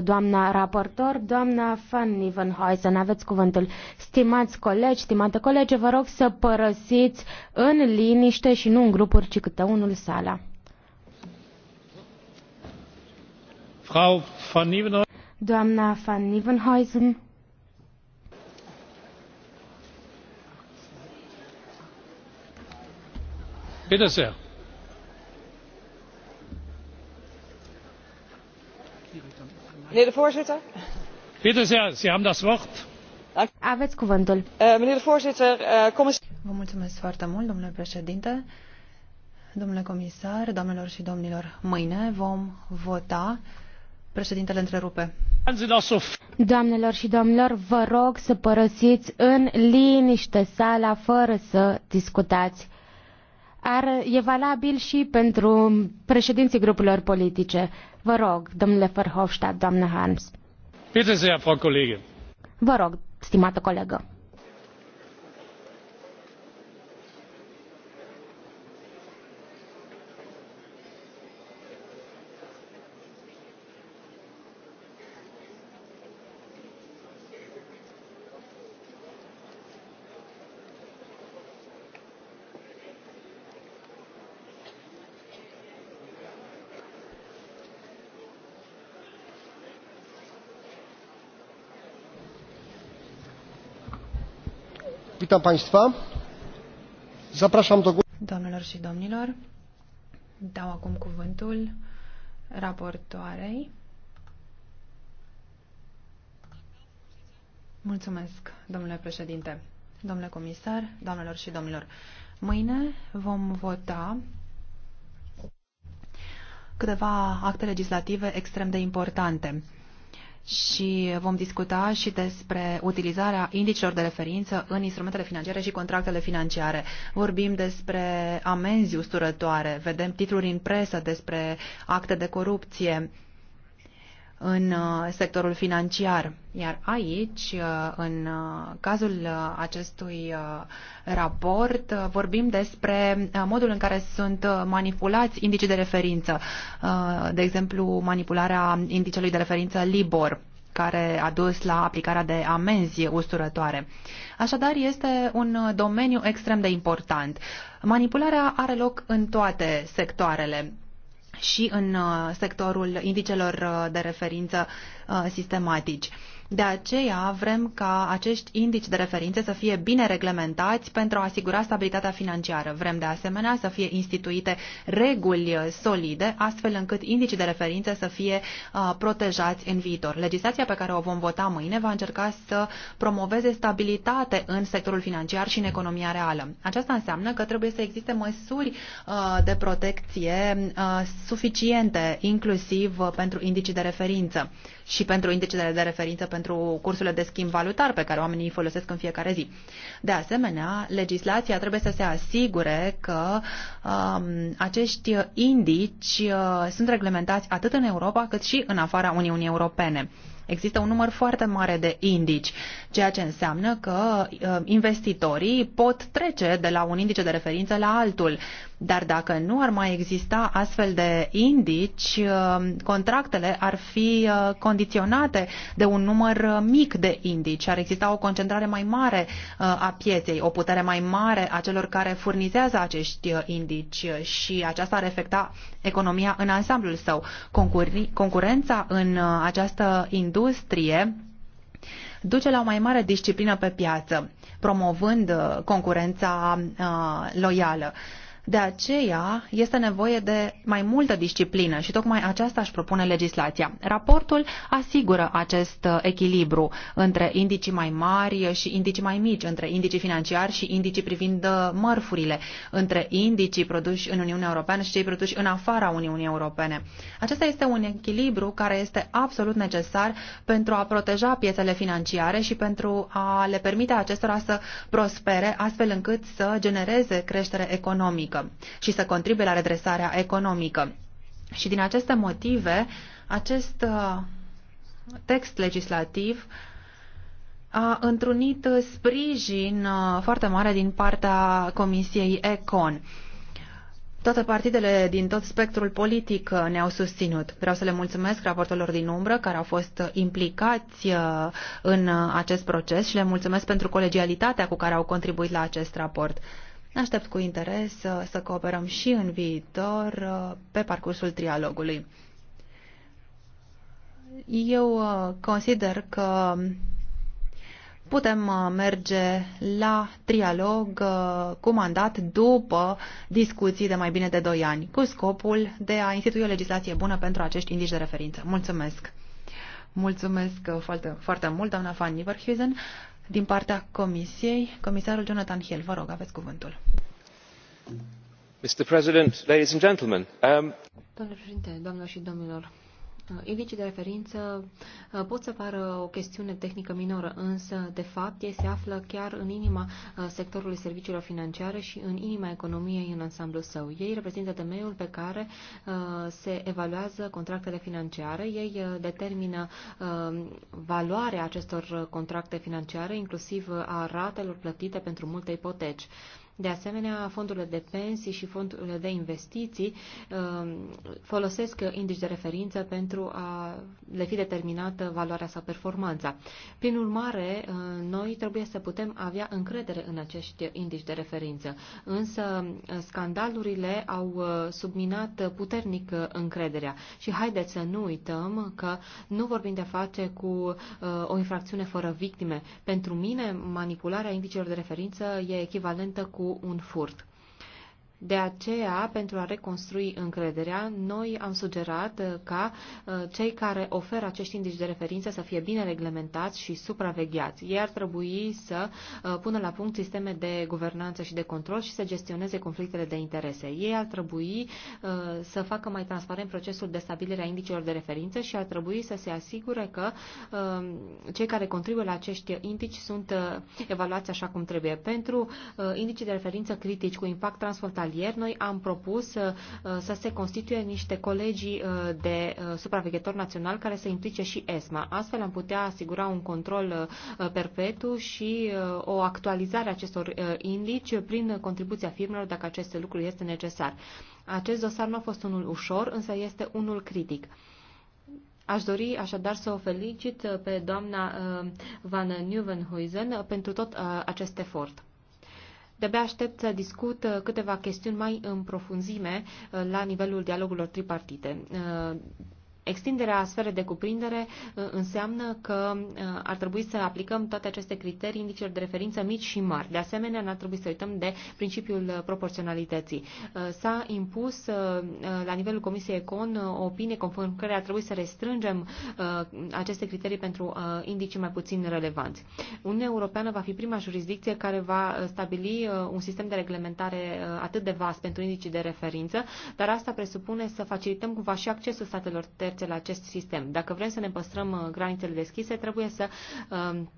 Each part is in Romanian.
doamna raportor, doamna Van Nivenhuizen. Aveți cuvântul. Stimați colegi, stimate colege, vă rog să părăsiți în liniște și nu în grupuri, ci câte unul sala. Frau Van Doamna Van Nivenhuizen. Bitte sehr. Aveți cuvântul. Eh, eh, vă mulțumesc foarte mult, domnule președinte, domnule comisar, doamnelor și domnilor. Mâine vom vota. Președintele întrerupe. Doamnelor și domnilor, vă rog să părăsiți în liniște sala fără să discutați ar, e valabil și pentru președinții grupurilor politice. Vă rog, domnule Verhofstadt, doamnă Harms. Bitte sehr, Frau Kollegin. Vă rog, stimată colegă. Witam Doamnelor și domnilor, dau acum cuvântul raportoarei. Mulțumesc, domnule președinte, domnule comisar, doamnelor și domnilor. Mâine vom vota câteva acte legislative extrem de importante și vom discuta și despre utilizarea indicilor de referință în instrumentele financiare și contractele financiare. Vorbim despre amenzi usturătoare, vedem titluri în presă despre acte de corupție, în uh, sectorul financiar. Iar aici, uh, în uh, cazul acestui raport, vorbim despre modul în care sunt manipulați indicii de referință, de exemplu manipularea indicelui de referință LIBOR care a dus la aplicarea de amenzi usturătoare. Așadar, este un domeniu extrem de important. Manipularea are loc în toate sectoarele și în uh, sectorul indicelor uh, de referință uh, sistematici. De aceea vrem ca acești indici de referință să fie bine reglementați pentru a asigura stabilitatea financiară. Vrem de asemenea să fie instituite reguli solide, astfel încât indicii de referință să fie uh, protejați în viitor. Legislația pe care o vom vota mâine va încerca să promoveze stabilitate în sectorul financiar și în economia reală. Aceasta înseamnă că trebuie să existe măsuri uh, de protecție uh, suficiente, inclusiv uh, pentru indicii de referință și pentru indicele de referință pentru cursurile de schimb valutar pe care oamenii îi folosesc în fiecare zi. De asemenea, legislația trebuie să se asigure că um, acești indici uh, sunt reglementați atât în Europa cât și în afara Uniunii Europene. Există un număr foarte mare de indici, ceea ce înseamnă că uh, investitorii pot trece de la un indice de referință la altul. Dar dacă nu ar mai exista astfel de indici, uh, contractele ar fi uh, condiționate de un număr mic de indici. Ar exista o concentrare mai mare a pieței, o putere mai mare a celor care furnizează acești indici și aceasta ar efecta economia în ansamblul său. Concurența în această industrie industrie duce la o mai mare disciplină pe piață, promovând uh, concurența uh, loială. De aceea este nevoie de mai multă disciplină și tocmai aceasta își propune legislația. Raportul asigură acest uh, echilibru între indicii mai mari și indicii mai mici, între indicii financiari și indicii privind uh, mărfurile, între indicii produși în Uniunea Europeană și cei produși în afara Uniunii Europene. Acesta este un echilibru care este absolut necesar pentru a proteja piețele financiare și pentru a le permite acestora să prospere astfel încât să genereze creștere economică politică și să contribuie la redresarea economică. Și din aceste motive, acest uh, text legislativ a întrunit sprijin uh, foarte mare din partea Comisiei Econ. Toate partidele din tot spectrul politic uh, ne-au susținut. Vreau să le mulțumesc raportorilor din umbră care au fost implicați în acest proces și le mulțumesc pentru colegialitatea cu care au contribuit la acest raport. Aștept cu interes să cooperăm și în viitor uh, pe parcursul trialogului. Eu uh, consider că putem uh, merge la trialog cu mandat după discuții de mai bine de 2 ani, cu scopul de a institui o legislație bună pentru acești indici de referință. Mulțumesc! Mulțumesc foarte, foarte mult, doamna Van Nieverhuizen din partea Comisiei. Comisarul Jonathan Hill, vă rog, aveți cuvântul. Mr. President, ladies and gentlemen, um... Domnule președinte, doamnelor și domnilor, Indicii de referință uh, pot să pară o chestiune tehnică minoră, însă, de fapt, ei se află chiar în inima uh, sectorului serviciilor financiare și în inima economiei în ansamblu său. Ei reprezintă temeiul pe care uh, se evaluează contractele financiare, ei determină valoarea acestor contracte financiare, inclusiv a ratelor plătite pentru multe ipoteci. De asemenea, fondurile de pensii și fondurile de investiții um, folosesc indici de referință pentru a le fi determinată valoarea sau performanța. Prin urmare, uh, noi trebuie să putem avea încredere în acești indici de referință. Însă, uh, scandalurile au uh, subminat puternic încrederea. Și haideți să nu uităm că nu vorbim de face cu o infracțiune fără victime. Pentru mine, manipularea indicilor de referință e echivalentă cu un furt. De aceea, pentru a reconstrui încrederea, noi am sugerat uh, ca uh, cei care oferă acești indici de referință să fie bine reglementați și supravegheați. Ei ar trebui să uh, pună la punct sisteme de guvernanță și de control și să gestioneze conflictele de interese. Ei ar trebui să facă mai transparent procesul de stabilire a indicilor de referință și ar trebui să se asigure că cei care contribuie la acești indici sunt evaluați așa cum trebuie. Pentru indicii de referință critici cu impact transportat transfrontalier, noi am propus uh, să se constituie niște colegii uh, de uh, supraveghetor național care să implice și ESMA. Astfel am putea asigura un control perpetu și o actualizare a acestor indici prin contribuția firmelor dacă acest lucru este necesar. Acest dosar nu a fost unul ușor, însă este unul critic. Aș dori așadar să o felicit pe doamna Van Nieuwenhuizen pentru tot acest efort. De-abia aștept să discut uh, câteva chestiuni mai în profunzime uh, la nivelul dialogurilor tripartite. Uh, Extinderea sferei de cuprindere uh, înseamnă că uh, ar trebui să aplicăm toate aceste criterii, indicilor de referință mici și mari. De asemenea, n-ar trebui să uităm de principiul uh, proporționalității. S-a impus la nivelul Comisiei Econ o opinie conform care ar trebui să restrângem aceste criterii pentru indicii mai puțin relevanți. Uniunea Europeană va fi prima jurisdicție care va stabili un sistem de reglementare atât de vast pentru indicii de referință, dar asta presupune să facilităm cumva și accesul statelor terțe la acest sistem. Dacă vrem să ne păstrăm uh, granițele deschise, trebuie să um,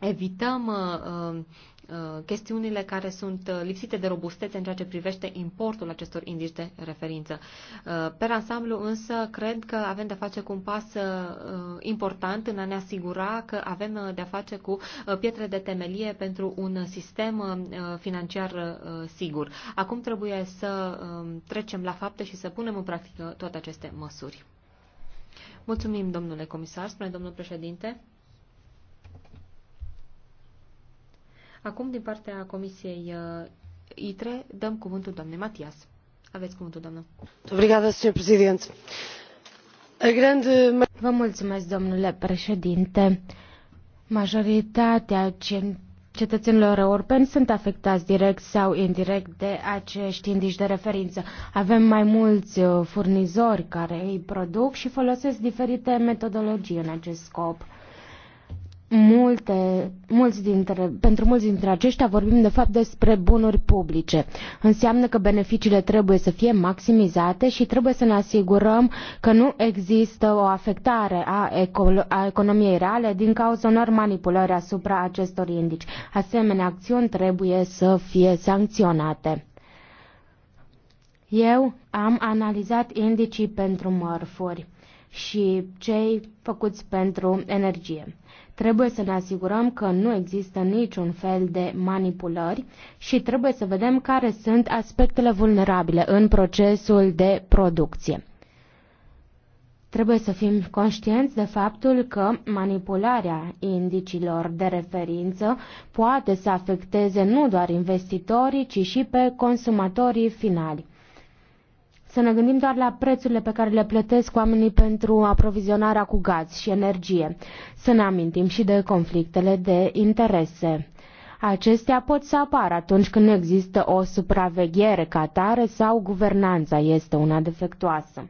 evităm uh, um, uh, chestiunile care sunt lipsite de robustețe în ceea ce privește importul acestor indici de referință. Per ansamblu însă cred că avem de-a face cu un pas important în a ne asigura că avem de-a face cu pietre de temelie pentru un sistem financiar sigur. Acum trebuie să um, trecem la fapte și să punem în practică toate aceste măsuri. Mulțumim, domnule comisar, spune domnul președinte. Acum, din partea Comisiei uh, ITRE, dăm cuvântul doamnei Matias. Aveți cuvântul, doamnă. Obrigada, domnule președinte. Vă mulțumesc, domnule președinte. Majoritatea cetățenilor europeni sunt afectați direct sau indirect de acești indici de referință. Avem mai mulți uh, furnizori care îi produc și folosesc diferite metodologii în acest scop multe, mulți dintre, pentru mulți dintre aceștia vorbim de fapt despre bunuri publice. Înseamnă că beneficiile trebuie să fie maximizate și trebuie să ne asigurăm că nu există o afectare a, eco- a economiei reale din cauza unor manipulări asupra acestor indici. Asemenea, acțiuni trebuie să fie sancționate. Eu am analizat indicii pentru mărfuri și cei făcuți pentru energie. Trebuie să ne asigurăm că nu există niciun fel de manipulări și trebuie să vedem care sunt aspectele vulnerabile în procesul de producție. Trebuie să fim conștienți de faptul că manipularea indicilor de referință poate să afecteze nu doar investitorii, ci și pe consumatorii finali. Să ne gândim doar la prețurile pe care le plătesc oamenii pentru aprovizionarea cu gaz și energie. Să ne amintim și de conflictele de interese. Acestea pot să apară atunci când nu există o supraveghere ca tare sau guvernanța este una defectuoasă.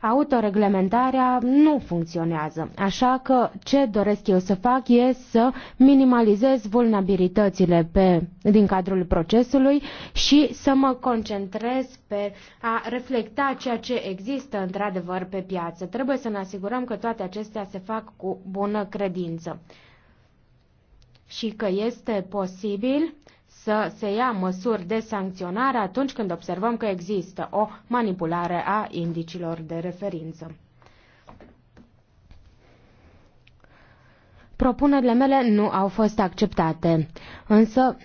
Autoreglementarea nu funcționează, așa că ce doresc eu să fac e să minimalizez vulnerabilitățile pe, din cadrul procesului și să mă concentrez pe a reflecta ceea ce există într-adevăr pe piață. Trebuie să ne asigurăm că toate acestea se fac cu bună credință și că este posibil să se ia măsuri de sancționare atunci când observăm că există o manipulare a indicilor de referință. Propunerile mele nu au fost acceptate, însă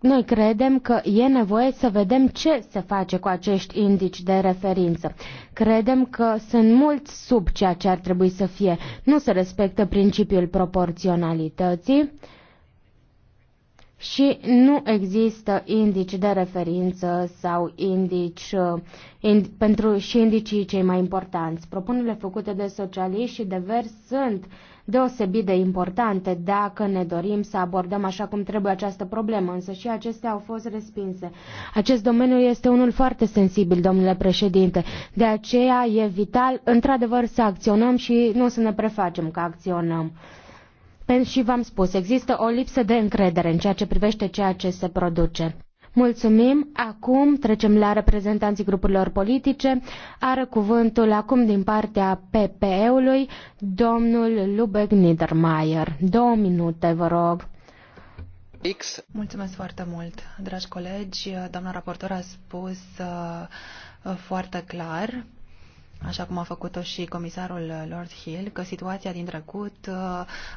noi credem că e nevoie să vedem ce se face cu acești indici de referință. Credem că sunt mult sub ceea ce ar trebui să fie. Nu se respectă principiul proporționalității și nu există indici de referință sau indici uh, ind, pentru și indicii cei mai importanți. Propunerile făcute de socialiști și de verzi sunt deosebit de importante dacă ne dorim să abordăm așa cum trebuie această problemă, însă și acestea au fost respinse. Acest domeniu este unul foarte sensibil, domnule președinte, de aceea e vital într-adevăr să acționăm și nu să ne prefacem că acționăm și v-am spus, există o lipsă de încredere în ceea ce privește ceea ce se produce. Mulțumim. Acum trecem la reprezentanții grupurilor politice. Are cuvântul acum din partea PPE-ului domnul Lubeg Niedermayer. Două minute, vă rog. X. Mulțumesc foarte mult, dragi colegi. Doamna raportor a spus uh, foarte clar așa cum a făcut-o și comisarul uh, Lord Hill, că situația din trecut uh,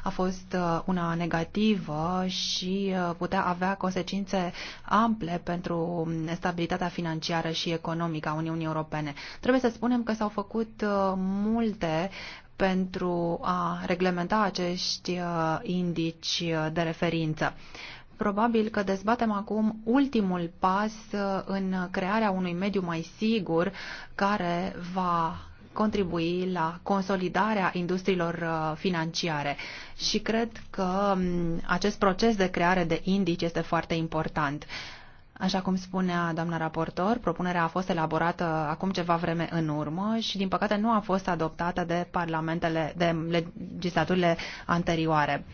a fost uh, una negativă și putea avea consecințe ample pentru mm, stabilitatea financiară și economică a Uniunii Europene. Trebuie să spunem că s-au făcut multe pentru a reglementa acești indici de referință. Probabil că dezbatem acum ultimul pas uh, în crearea unui mediu mai sigur care va contribui la consolidarea industriilor uh, financiare și cred că um, acest proces de creare de indici este foarte important. Așa cum spunea doamna raportor, propunerea a fost elaborată acum ceva vreme în urmă și, din păcate, nu a fost adoptată de parlamentele, de legislaturile anterioare.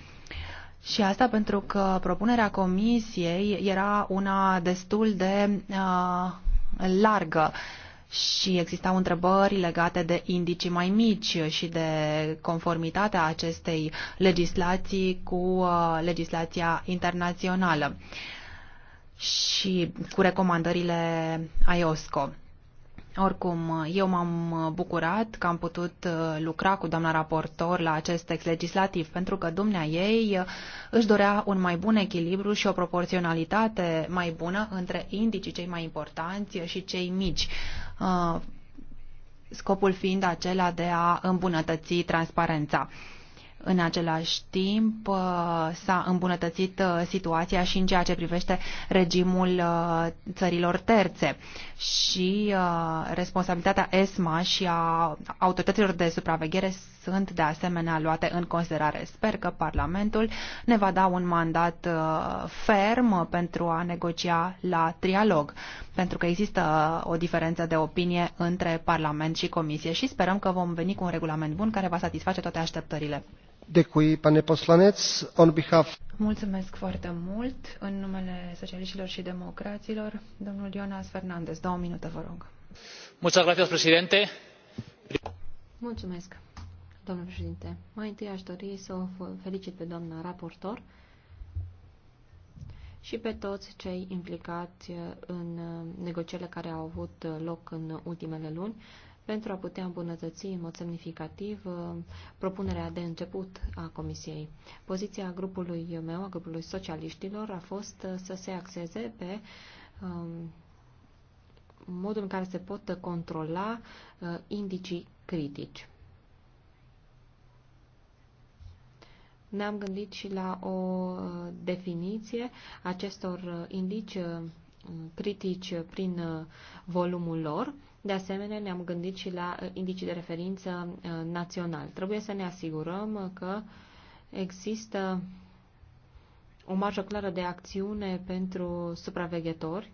Și asta pentru că propunerea comisiei era una destul de uh, largă și existau întrebări legate de indicii mai mici și de conformitatea acestei legislații cu uh, legislația internațională și cu recomandările IOSCO. Oricum, eu m-am bucurat că am putut uh, lucra cu doamna raportor la acest text legislativ, pentru că dumnea ei uh, își dorea un mai bun echilibru și o proporționalitate mai bună între indicii cei mai importanți și cei mici, uh, scopul fiind acela de a îmbunătăți transparența. În același timp uh, s-a îmbunătățit uh, situația și în ceea ce privește regimul uh, țărilor terțe și responsabilitatea ESMA și a autorităților de supraveghere sunt de asemenea luate în considerare. Sper că Parlamentul ne va da un mandat ferm pentru a negocia la trialog, pentru că există o diferență de opinie între Parlament și Comisie și sperăm că vom veni cu un regulament bun care va satisface toate așteptările. Mulțumesc foarte mult. În numele socialiștilor și democraților, domnul Jonas Fernandez, două minute, vă rog. Mulțumesc, domnul președinte. Mai întâi aș dori să o felicit pe doamna raportor și pe toți cei implicați în negocierile care au avut loc în ultimele luni pentru a putea îmbunătăți în mod semnificativ uh, propunerea de început a Comisiei. Poziția grupului meu, a grupului socialiștilor, a fost uh, să se axeze pe um, modul în care se pot controla uh, indicii critici. Ne-am gândit și la o definiție acestor indici critici prin volumul lor de asemenea, ne-am gândit și la uh, indicii de referință uh, național. Trebuie să ne asigurăm că există o marjă clară de acțiune pentru supraveghetori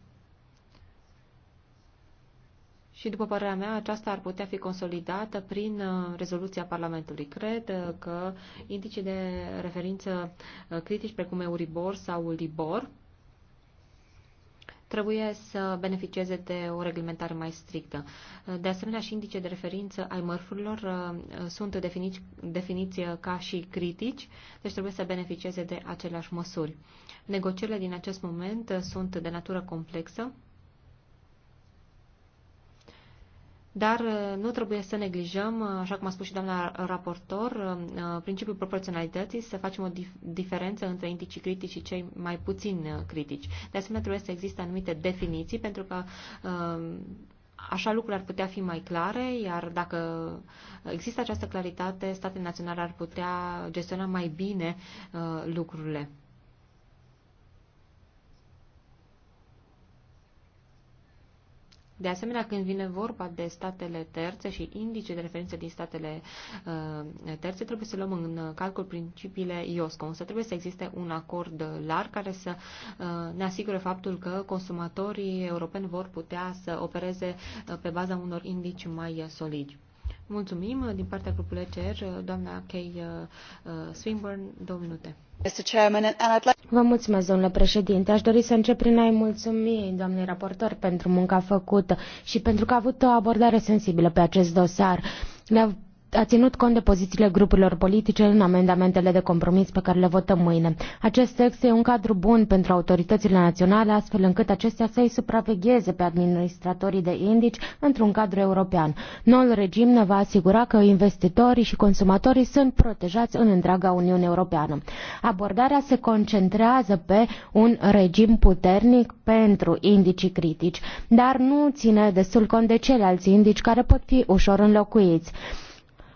și, după părerea mea, aceasta ar putea fi consolidată prin uh, rezoluția Parlamentului. Cred că indicii de referință critici precum Euribor sau Libor trebuie să beneficieze de o reglementare mai strictă. De asemenea, și indice de referință ai mărfurilor uh, sunt definiți, definiți uh, ca și critici, deci trebuie să beneficieze de aceleași măsuri. Negocierile din acest moment uh, sunt de natură complexă Dar uh, nu trebuie să neglijăm, uh, așa cum a spus și doamna raportor, uh, principiul proporționalității, să facem o diferență între indicii critici și cei mai puțin critici. De asemenea, trebuie să existe anumite definiții, pentru că Așa lucrurile ar putea fi mai clare, iar dacă există această claritate, statele naționale ar putea gestiona mai bine lucrurile. De asemenea, când vine vorba de statele terțe și indice de referință din statele uh, terțe, trebuie să luăm în uh, calcul principiile IOSCO, însă trebuie să existe un acord larg care să uh, ne asigure faptul că consumatorii europeni vor putea să opereze uh, pe baza unor indici mai uh, solidi. Mulțumim uh, din partea grupului ECR, uh, doamna Kay uh, Swinburne, două minute. Vă mulțumesc, domnule președinte. Aș dori să încep prin a-i mulțumi doamnei raportor pentru munca făcută și pentru că a avut o abordare sensibilă pe acest dosar. Ne-a a ținut cont de pozițiile grupurilor politice în amendamentele de compromis pe care le votăm mâine. Acest text e un cadru bun pentru autoritățile naționale, astfel încât acestea să-i supravegheze pe administratorii de indici într-un cadru european. Noul regim ne va asigura că investitorii și consumatorii sunt protejați în întreaga Uniune Europeană. Abordarea se concentrează pe un regim puternic pentru indicii critici, dar nu ține destul cont de ceilalți indici care pot fi ușor înlocuiți.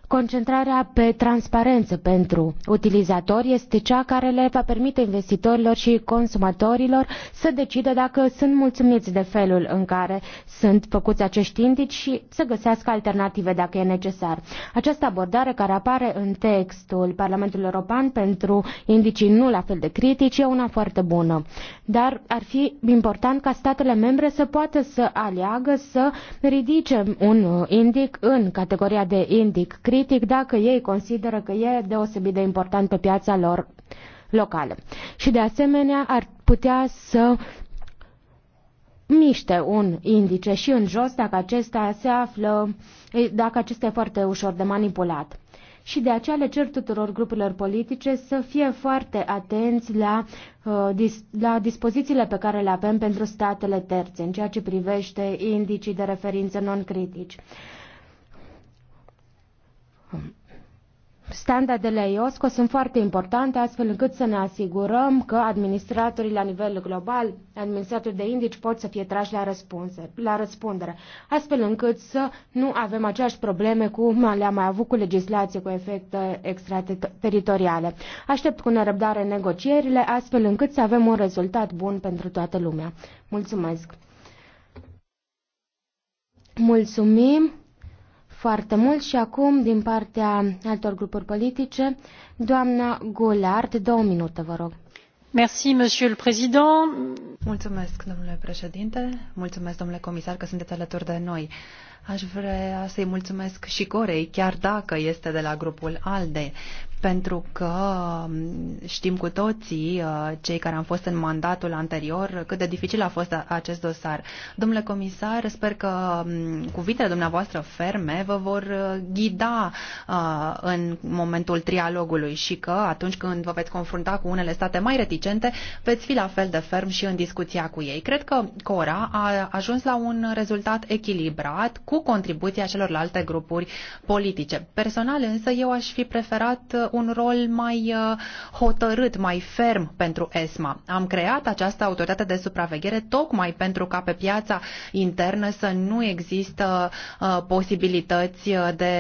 Concentrarea pe transparență pentru utilizatori este cea care le va permite investitorilor și consumatorilor să decidă dacă sunt mulțumiți de felul în care sunt făcuți acești indici și să găsească alternative dacă e necesar. Această abordare care apare în textul Parlamentului European pentru indicii nu la fel de critici e una foarte bună. Dar ar fi important ca statele membre să poată să aleagă să ridice un indic în categoria de indic critic critic dacă ei consideră că e deosebit de important pe piața lor locală. Și de asemenea ar putea să miște un indice și în jos dacă acesta se află, dacă acesta e foarte ușor de manipulat. Și de aceea le cer tuturor grupurilor politice să fie foarte atenți la, uh, la dispozițiile pe care le avem pentru statele terțe în ceea ce privește indicii de referință non-critici. Standardele IOSCO sunt foarte importante astfel încât să ne asigurăm că administratorii la nivel global, administratorii de indici pot să fie trași la, răspunse, la răspundere, astfel încât să nu avem aceeași probleme cu le-am mai avut cu legislație cu efecte extrateritoriale. Aștept cu nerăbdare negocierile astfel încât să avem un rezultat bun pentru toată lumea. Mulțumesc! Mulțumim! foarte mult și acum, din partea altor grupuri politice, doamna Goulart, două minute, vă rog. Merci, monsieur le président. Mulțumesc, domnule președinte, mulțumesc, domnule comisar, că sunteți alături de noi. Aș vrea să-i mulțumesc și Corei, chiar dacă este de la grupul ALDE, pentru că mm, știm cu toții, uh, cei care am fost în mandatul anterior, cât de dificil a fost acest dosar. Domnule comisar, sper că mm, cuvintele dumneavoastră ferme vă vor uh, ghida uh, în momentul trialogului și că atunci când vă veți confrunta cu unele state mai reticente, veți fi la fel de ferm și în discuția cu ei. Cred că Cora a ajuns la un rezultat echilibrat cu contribuția celorlalte grupuri politice. Personal însă eu aș fi preferat un rol mai uh, hotărât, mai ferm pentru ESMA. Am creat această autoritate de supraveghere tocmai pentru ca pe piața internă să nu există uh, posibilități uh, de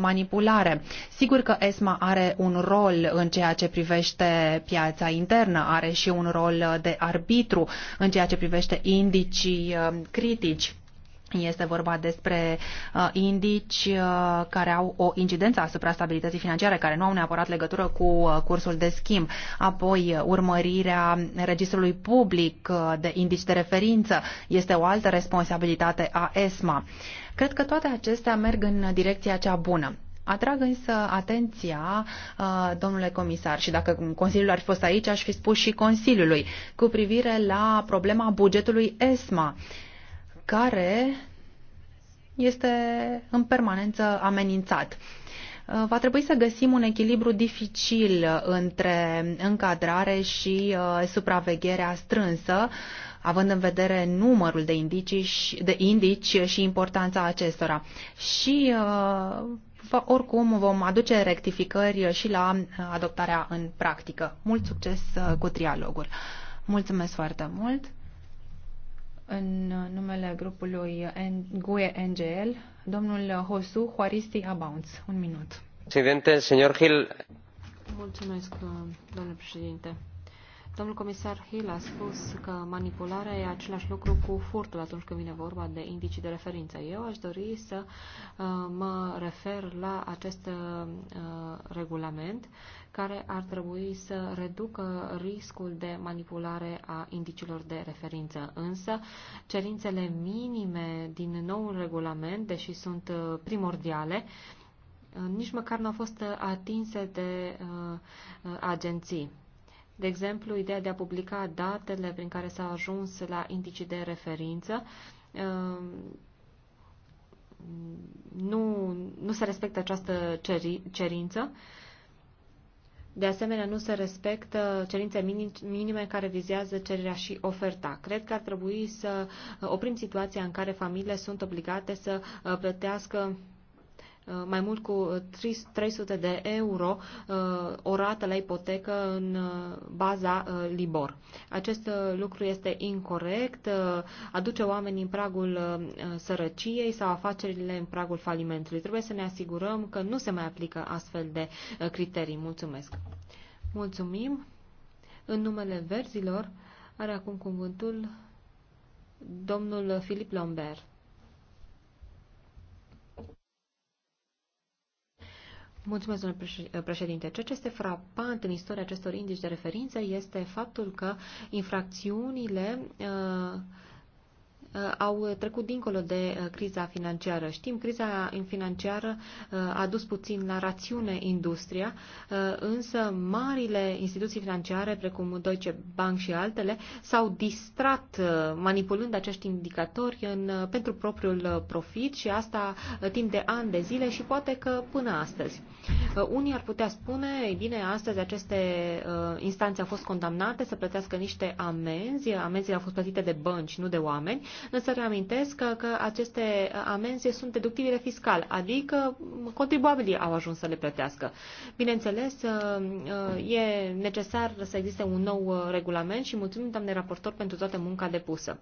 manipulare. Sigur că ESMA are un rol în ceea ce privește piața internă, are și un rol de arbitru în ceea ce privește indicii critici este vorba despre uh, indici uh, care au o incidență asupra stabilității financiare, care nu au neapărat legătură cu uh, cursul de schimb. Apoi, uh, urmărirea registrului public uh, de indici de referință este o altă responsabilitate a ESMA. Cred că toate acestea merg în direcția cea bună. Atrag însă atenția, uh, domnule comisar, și dacă Consiliul ar fi fost aici, aș fi spus și Consiliului, cu privire la problema bugetului ESMA care este în permanență amenințat. Uh, va trebui să găsim un echilibru dificil între încadrare și uh, supravegherea strânsă, având în vedere numărul de indici, de indici și importanța acestora. Și uh, oricum vom aduce rectificări și la adoptarea în practică. Mult succes cu trialogul. Mulțumesc foarte mult! în numele grupului GUE NGL, domnul Hosu Huaristi Abounds. Un minut. Președinte, señor Hill. Mulțumesc, domnule președinte. Domnul comisar Hill a spus că manipularea e același lucru cu furtul atunci când vine vorba de indicii de referință. Eu aș dori să uh, mă refer la acest uh, regulament care ar trebui să reducă riscul de manipulare a indicilor de referință. Însă, cerințele minime din noul regulament, deși sunt uh, primordiale, uh, nici măcar nu au fost uh, atinse de uh, agenții. De exemplu, ideea de a publica datele prin care s-a ajuns la indicii de referință uh, nu, nu se respectă această cerință. Uh, de asemenea, nu se respectă cerințe minime care vizează cererea și oferta. Cred că ar trebui să oprim situația în care familiile sunt obligate să uh, plătească Uh, mai mult cu 300 de euro uh, o rată la ipotecă în uh, baza Libor. Acest lucru este incorrect, aduce oamenii în pragul sărăciei sau afacerile în pragul falimentului. Trebuie să ne asigurăm că nu se mai aplică astfel de criterii. Mulțumesc! Mulțumim! În numele verzilor are acum cuvântul domnul Filip Lambert. Mulțumesc, domnule eh, președinte. Ceea ce este frapant în istoria acestor indici de referință este faptul că infracțiunile uh, Uh, au trecut dincolo de uh, criza financiară. Știm, criza financiară uh, a dus puțin la rațiune industria, însă marile instituții financiare, precum Deutsche Bank și altele, s-au distrat manipulând acești indicatori în, pentru propriul profit și asta timp de ani de zile și poate că până astăzi. Unii ar putea spune, ei bine, astăzi aceste instanțe au fost condamnate să plătească niște amenzi, amenzile au fost plătite de bănci, nu de oameni, Însă reamintesc că, că aceste amenzi sunt deductibile fiscal, adică contribuabilii au ajuns să le plătească. Bineînțeles, uh, uh, e necesar să existe un nou uh, regulament și mulțumim, doamne raportor, pentru toată munca depusă.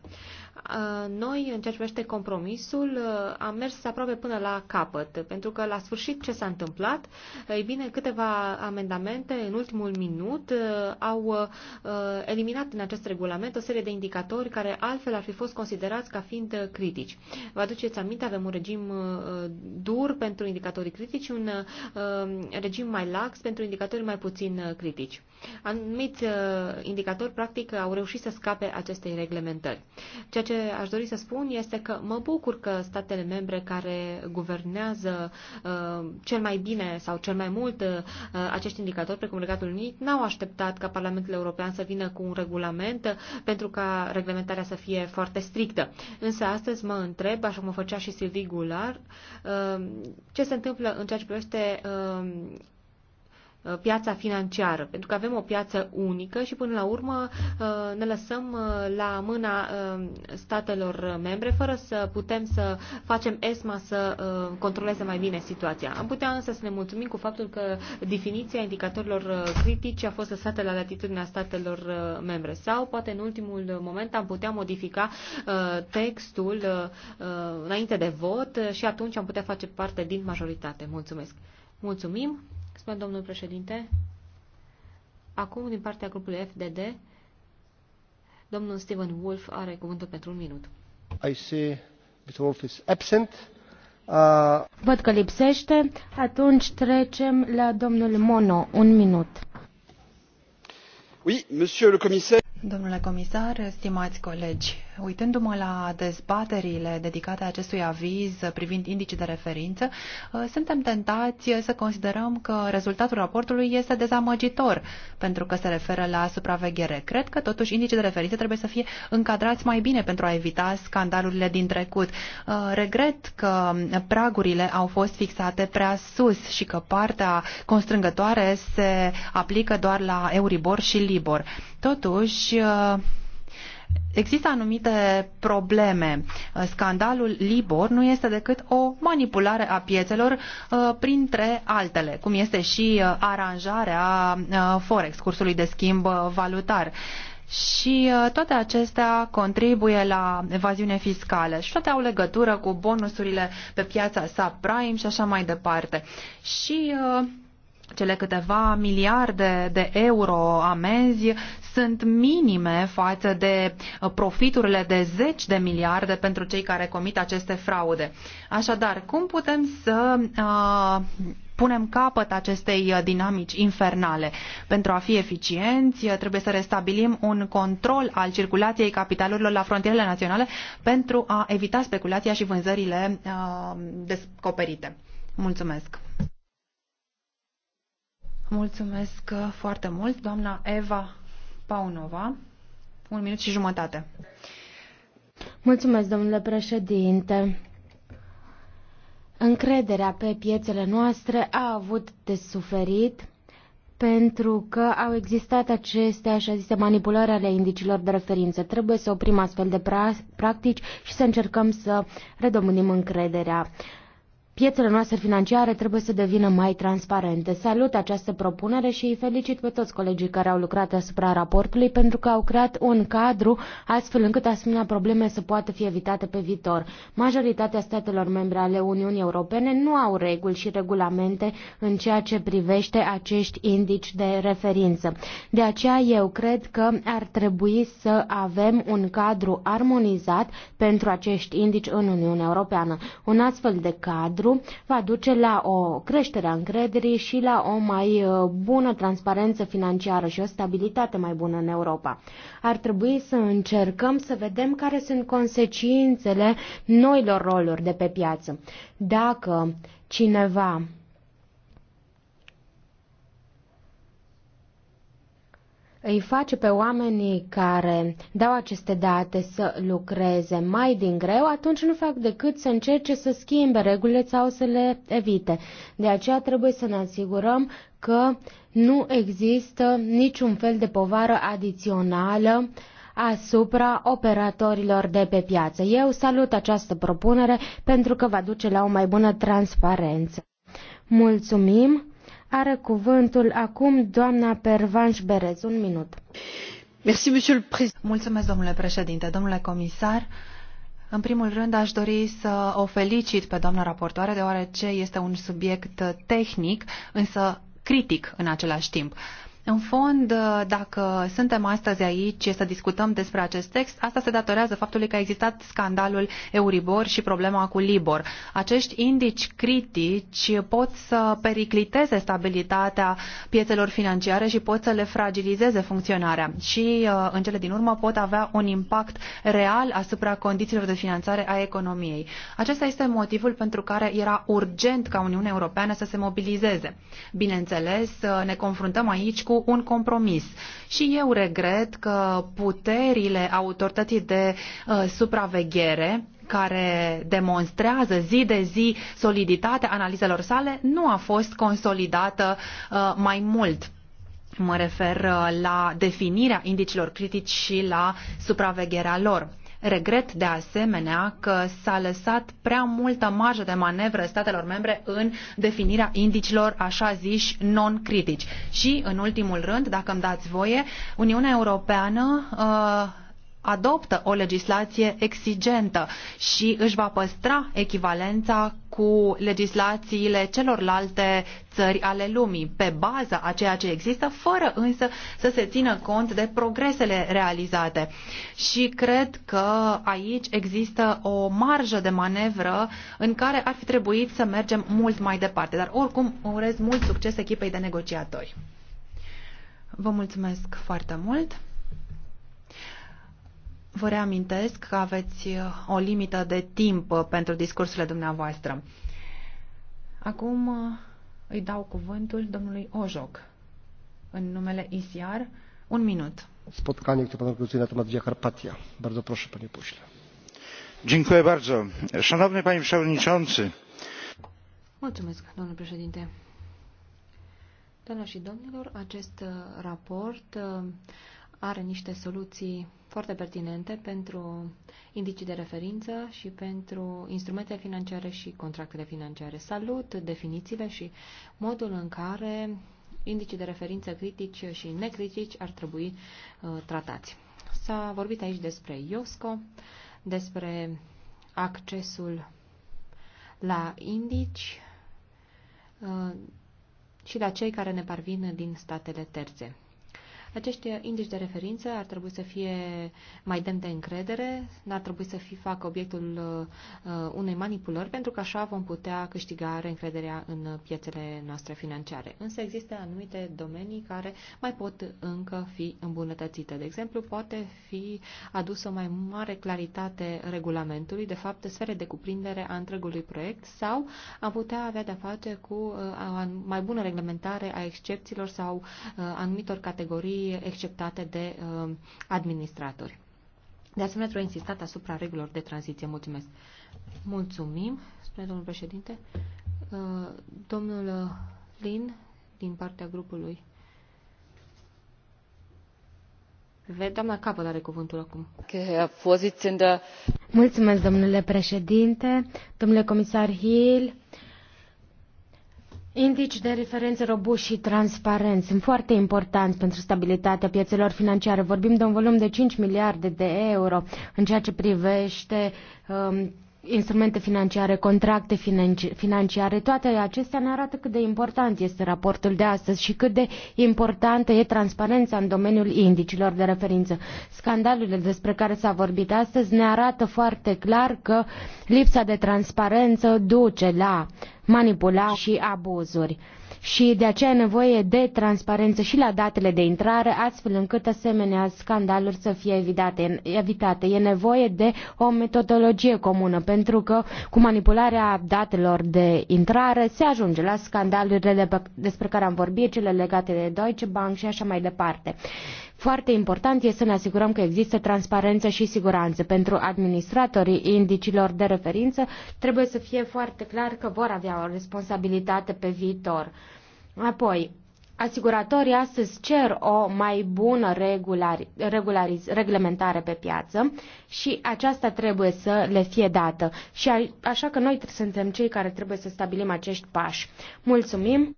Noi, în ceea ce privește compromisul, am mers aproape până la capăt, pentru că la sfârșit ce s-a întâmplat? Ei bine, câteva amendamente în ultimul minut au eliminat în acest regulament o serie de indicatori care altfel ar fi fost considerați considerați ca fiind uh, critici. Vă aduceți aminte, avem un regim uh, dur pentru indicatorii critici și un uh, regim mai lax pentru indicatorii mai puțin critici. Anumiți uh, indicatori, practic, au reușit să scape acestei reglementări. Ceea ce aș dori să spun este că mă bucur că statele membre care guvernează uh, cel mai bine sau cel mai mult uh, acești indicatori, precum Regatul Unit, n-au așteptat ca Parlamentul European să vină cu un regulament uh, pentru ca reglementarea să fie foarte strictă. Însă astăzi mă întreb, așa cum o făcea și Silvii Gular, uh, ce se întâmplă în ceea ce privește uh, Uh, piața financiară, pentru că avem o piață unică și până la urmă uh, ne lăsăm uh, la mâna statelor membre fără să putem să facem ESMA să controleze mai bine situația. Am putea însă să ne mulțumim cu faptul că definiția indicatorilor critici a fost lăsată la latitudinea statelor membre sau poate în ultimul moment am putea modifica textul înainte de vot și atunci am putea face parte din majoritate. Mulțumesc! Mulțumim! Spune domnul președinte, acum din partea grupului FDD, domnul Steven Wolf are cuvântul pentru un minut. I see Mr. Wolf is absent. Uh... Văd că lipsește, atunci trecem la domnul Mono, un minut. Oui, monsieur le commissaire. Domnule comisar, stimați colegi, Uitându-mă la dezbaterile dedicate acestui aviz privind indicii de referință, uh, suntem tentați să considerăm că rezultatul raportului este dezamăgitor, pentru că se referă la supraveghere. Cred că totuși indicii de referință trebuie să fie încadrați mai bine pentru a evita scandalurile din trecut. Uh, regret că pragurile au fost fixate prea sus și că partea constrângătoare se aplică doar la Euribor și Libor. Totuși, uh, Există anumite probleme. Scandalul Libor nu este decât o manipulare a piețelor uh, printre altele, cum este și uh, aranjarea uh, Forex, cursului de schimb valutar. Și toate acestea contribuie la evaziune fiscală și toate au legătură cu bonusurile pe piața subprime și așa mai departe. Și cele câteva miliarde de euro amenzi sunt minime față de profiturile de zeci de miliarde pentru cei care comit aceste fraude. Așadar, cum putem să uh, punem capăt acestei dinamici infernale. Pentru a fi eficienți, trebuie să restabilim un control al circulației capitalurilor la frontierele naționale pentru a evita speculația și vânzările uh, descoperite. Mulțumesc! Mulțumesc uh, foarte mult, doamna Eva Paunova. Un minut și jumătate. Mulțumesc, domnule președinte. Încrederea pe piețele noastre a avut de suferit pentru că au existat aceste așa zise manipulări ale indicilor de referință. Trebuie să oprim astfel de practici și să încercăm să redobândim încrederea piețele noastre financiare trebuie să devină mai transparente. Salut această propunere și îi felicit pe toți colegii care au lucrat asupra raportului pentru că au creat un cadru astfel încât asemenea probleme să poată fi evitate pe viitor. Majoritatea statelor membre ale Uniunii Europene nu au reguli și regulamente în ceea ce privește acești indici de referință. De aceea eu cred că ar trebui să avem un cadru armonizat pentru acești indici în Uniunea Europeană. Un astfel de cadru cadru va duce la o creștere a încrederii și la o mai uh, bună transparență financiară și o stabilitate mai bună în Europa. Ar trebui să încercăm să vedem care sunt consecințele noilor roluri de pe piață. Dacă cineva îi face pe oamenii care dau aceste date să lucreze mai din greu, atunci nu fac decât să încerce să schimbe regulile sau să le evite. De aceea trebuie să ne asigurăm că nu există niciun fel de povară adițională asupra operatorilor de pe piață. Eu salut această propunere pentru că va duce la o mai bună transparență. Mulțumim! Are cuvântul acum doamna Pervanș Berez. Un minut. Mulțumesc, domnule președinte, domnule comisar. În primul rând, aș dori să o felicit pe doamna raportoare, deoarece este un subiect tehnic, însă critic în același timp. În fond, uh, dacă suntem astăzi aici să discutăm despre acest text, asta se datorează faptului că a existat scandalul Euribor și problema cu Libor. Acești indici critici pot să pericliteze stabilitatea piețelor financiare și pot să le fragilizeze funcționarea și, uh, în cele din urmă, pot avea un impact real asupra condițiilor de finanțare a economiei. Acesta este motivul pentru care era urgent ca Uniunea Europeană să se mobilizeze. Bineînțeles, uh, ne confruntăm aici cu cu un compromis. Și eu regret că puterile autorității de uh, supraveghere care demonstrează zi de zi soliditatea analizelor sale nu a fost consolidată uh, mai mult. Mă refer uh, la definirea indicilor critici și la supravegherea lor. Regret de asemenea că s-a lăsat prea multă marjă de manevră statelor membre în definirea indicilor așa ziși non-critici. Și, în ultimul rând, dacă îmi dați voie, Uniunea Europeană uh, adoptă o legislație exigentă și își va păstra echivalența cu legislațiile celorlalte țări ale lumii, pe baza a ceea ce există, fără însă să se țină cont de progresele realizate. Și cred că aici există o marjă de manevră în care ar fi trebuit să mergem mult mai departe. Dar oricum urez mult succes echipei de negociatori. Vă mulțumesc foarte mult! Vă reamintesc că aveți uh, o limită de timp uh, pentru discursurile dumneavoastră. Acum uh, îi dau cuvântul domnului Ojoc. În numele ISIAR, un minut. Spotkanie, które pan organizuje na temat Via Carpatia. Bardzo proszę, panie pośle. Dziękuję bardzo. Szanowny panie przewodniczący. Mulțumesc, domnule președinte. Doamnelor și domnilor, acest raport are niște soluții foarte pertinente pentru indicii de referință și pentru instrumente financiare și contractele financiare. Salut definițiile și modul în care indicii de referință critici și necritici ar trebui uh, tratați. S-a vorbit aici despre IOSCO, despre accesul la indici uh, și la cei care ne parvin din statele terțe. Acești indici de referință ar trebui să fie mai demn de încredere, n-ar trebui să fie facă obiectul uh, unei manipulări, pentru că așa vom putea câștiga reîncrederea în piețele noastre financiare. Însă există anumite domenii care mai pot încă fi îmbunătățite. De exemplu, poate fi adusă mai mare claritate regulamentului, de fapt, sfere de cuprindere a întregului proiect sau am putea avea de-a face cu uh, mai bună reglementare a excepțiilor sau uh, anumitor categorii acceptate de uh, administratori. De asemenea, trebuie insistat asupra regulilor de tranziție. Mulțumesc. Mulțumim, spune domnul președinte. Uh, domnul Lin, din partea grupului. Doamna Capăt are cuvântul acum. Uh, Mulțumesc, domnule președinte, domnule comisar Hill, Indici de referență robust și transparenți sunt foarte importanți pentru stabilitatea piețelor financiare. Vorbim de un volum de 5 miliarde de euro în ceea ce privește um, instrumente financiare, contracte financiare, toate acestea ne arată cât de important este raportul de astăzi și cât de importantă e transparența în domeniul indicilor de referință. Scandalurile despre care s-a vorbit astăzi ne arată foarte clar că lipsa de transparență duce la manipulare și abuzuri și de aceea nevoie de transparență și la datele de intrare, astfel încât asemenea scandaluri să fie evitate, evitate. E nevoie de o metodologie comună, pentru că cu manipularea datelor de intrare se ajunge la scandalurile despre care am vorbit, cele legate de Deutsche Bank și așa mai departe. Foarte important este să ne asigurăm că există transparență și siguranță. Pentru administratorii indicilor de referință trebuie să fie foarte clar că vor avea o responsabilitate pe viitor. Apoi, asiguratorii astăzi cer o mai bună regulari, regulariz, reglementare pe piață și aceasta trebuie să le fie dată. Și a, așa că noi suntem cei care trebuie să stabilim acești pași. Mulțumim!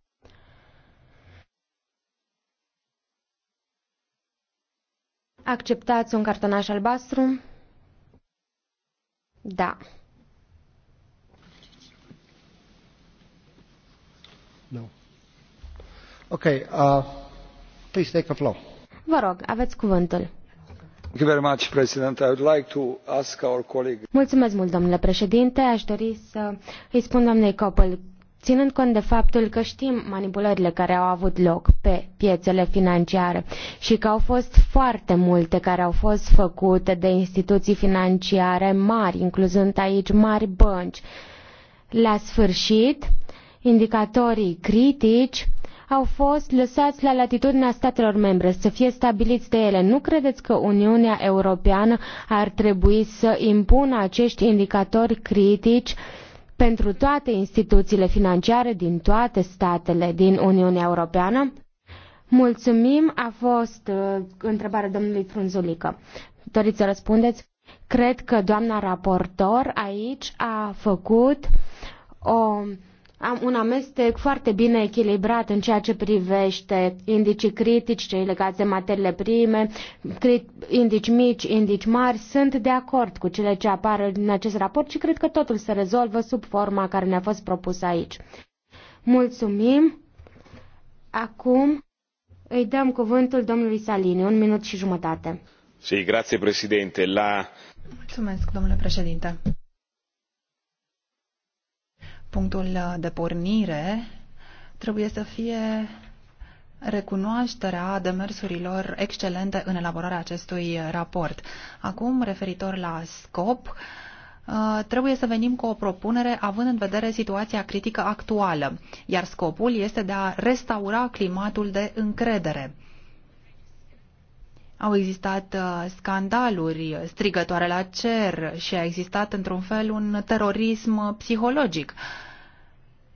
Acceptați un cartonaș albastru? Da. No. Ok, uh, please take the floor. Vă rog, aveți cuvântul. Mulțumesc mult, domnule președinte. Aș dori să îi spun doamnei Coppel ținând cont de faptul că știm manipulările care au avut loc pe piețele financiare și că au fost foarte multe care au fost făcute de instituții financiare mari, incluzând aici mari bănci. La sfârșit, indicatorii critici au fost lăsați la latitudinea statelor membre să fie stabiliți de ele. Nu credeți că Uniunea Europeană ar trebui să impună acești indicatori critici uh, pentru toate instituțiile financiare din toate statele din Uniunea Europeană? Mulțumim, a fost uh, întrebarea domnului Frunzulică. Doriți să răspundeți? Cred că doamna raportor aici a făcut o am un amestec foarte bine echilibrat în ceea ce privește indicii critici, cei legați de materiile prime, indici mici, indici mari. Sunt de acord cu cele ce apar în acest raport și cred că totul se rezolvă sub forma care ne-a fost propusă aici. Mulțumim! Acum îi dăm cuvântul domnului Salini, un minut și jumătate. Și grație, președinte. La... Mulțumesc, domnule președinte. Punctul de pornire trebuie să fie recunoașterea demersurilor excelente în elaborarea acestui raport. Acum, referitor la scop, uh, trebuie să venim cu o propunere având în vedere situația critică actuală, iar scopul este de a restaura climatul de încredere. Au existat uh, scandaluri strigătoare la cer și a existat într-un fel un terorism psihologic. Uh,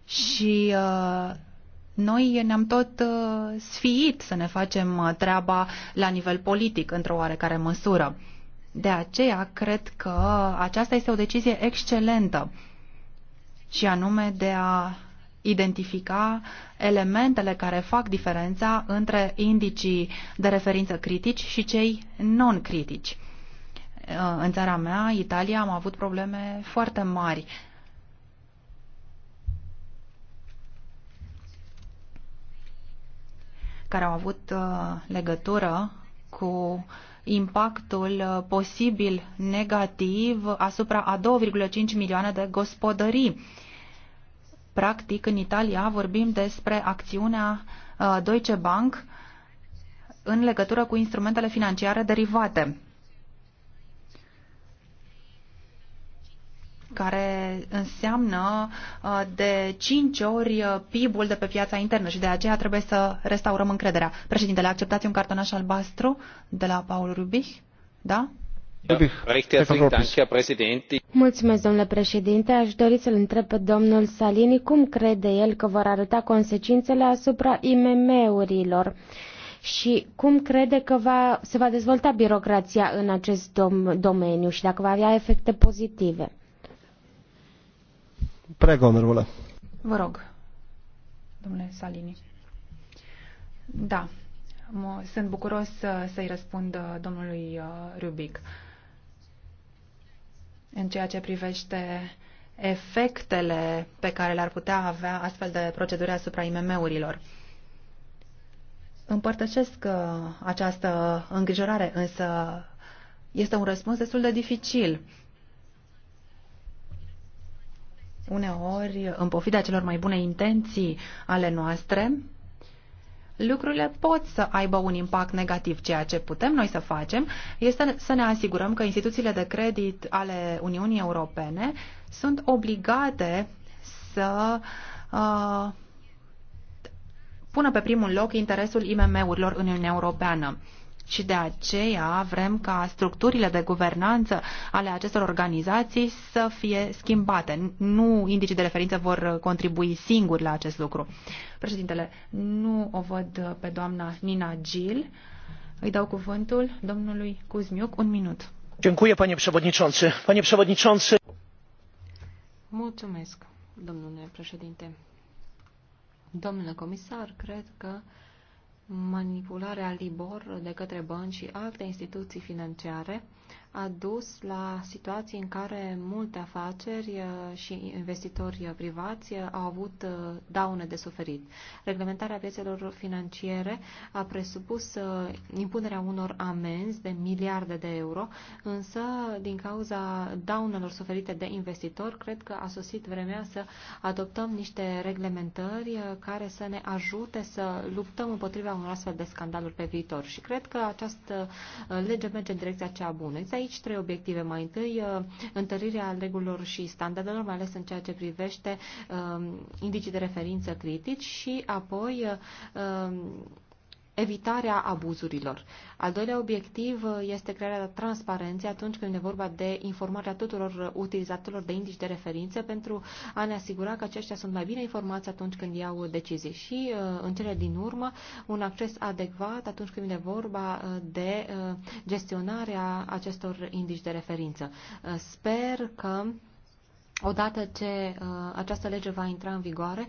și uh, noi ne-am tot uh, sfiit să ne facem uh, treaba la nivel politic, într-o oarecare măsură. De aceea, cred că aceasta este o decizie excelentă și anume de a identifica elementele care fac diferența între indicii de referință critici și cei non-critici. În țara mea, Italia, am avut probleme foarte mari care au avut uh, legătură cu impactul uh, posibil negativ asupra a 2,5 milioane de gospodării. Practic, în Italia vorbim despre acțiunea uh, Deutsche Bank în legătură cu instrumentele financiare derivate. care înseamnă uh, de 5 ori uh, PIB-ul de pe piața internă și de aceea trebuie să restaurăm încrederea. Președintele, acceptați un cartonaș albastru de la Paul Rubich? Da? da. Mulțumesc, domnule președinte. Aș dori să-l întreb pe domnul Salini cum crede el că vor arăta consecințele asupra IMM-urilor și cum crede că va, se va dezvolta birocrația în acest dom- domeniu și dacă va avea efecte pozitive. Prego, onorevole. Vă rog, domnule Salini. Da, sunt bucuros uh, să-i răspund uh, domnului uh, Rubic. În ceea ce privește efectele pe care le-ar putea avea astfel de proceduri asupra IMM-urilor. Împărtășesc această îngrijorare, însă este un răspuns destul de dificil uneori, în pofida celor mai bune intenții ale noastre, lucrurile pot să aibă un impact negativ. Ceea ce putem noi să facem este să ne asigurăm că instituțiile de credit ale Uniunii Europene sunt obligate să uh, pună pe primul loc interesul IMM-urilor în Uniunea Europeană și de aceea vrem ca structurile de guvernanță ale acestor organizații să fie schimbate. Nu indicii de referință vor contribui singuri la acest lucru. Președintele, nu o văd pe doamna Nina Gil. Îi dau cuvântul domnului Cuzmiuc. Un minut. Dziękuję, panie przewodniczący. Panie przewodniczący. Mulțumesc, domnule președinte. Domnule comisar, cred că manipularea Libor de către bănci și alte instituții financiare a dus la situații în care multe afaceri uh, și investitori privați uh, au avut uh, daune de suferit. Reglementarea piețelor financiare a presupus impunerea unor amenzi de miliarde de euro, însă din cauza daunelor suferite de investitori, cred că a sosit vremea să adoptăm niște reglementări care să ne ajute să luptăm împotriva unor astfel de scandaluri pe viitor. Și cred că această lege merge în direcția cea bună. Există aici trei obiective. Mai întâi, uh, întărirea regulilor și standardelor, mai ales în ceea ce privește um, indicii de referință critici și apoi uh, um, evitarea abuzurilor. Al doilea obiectiv uh, este crearea transparenței atunci când e vorba de informarea tuturor uh, utilizatorilor de indici de referință pentru a ne asigura că aceștia sunt mai bine informați atunci când iau decizii și, uh, în cele din urmă, un acces adecvat atunci când e vorba de gestionarea acestor indici de referință. Sper că, odată ce această lege va intra în vigoare,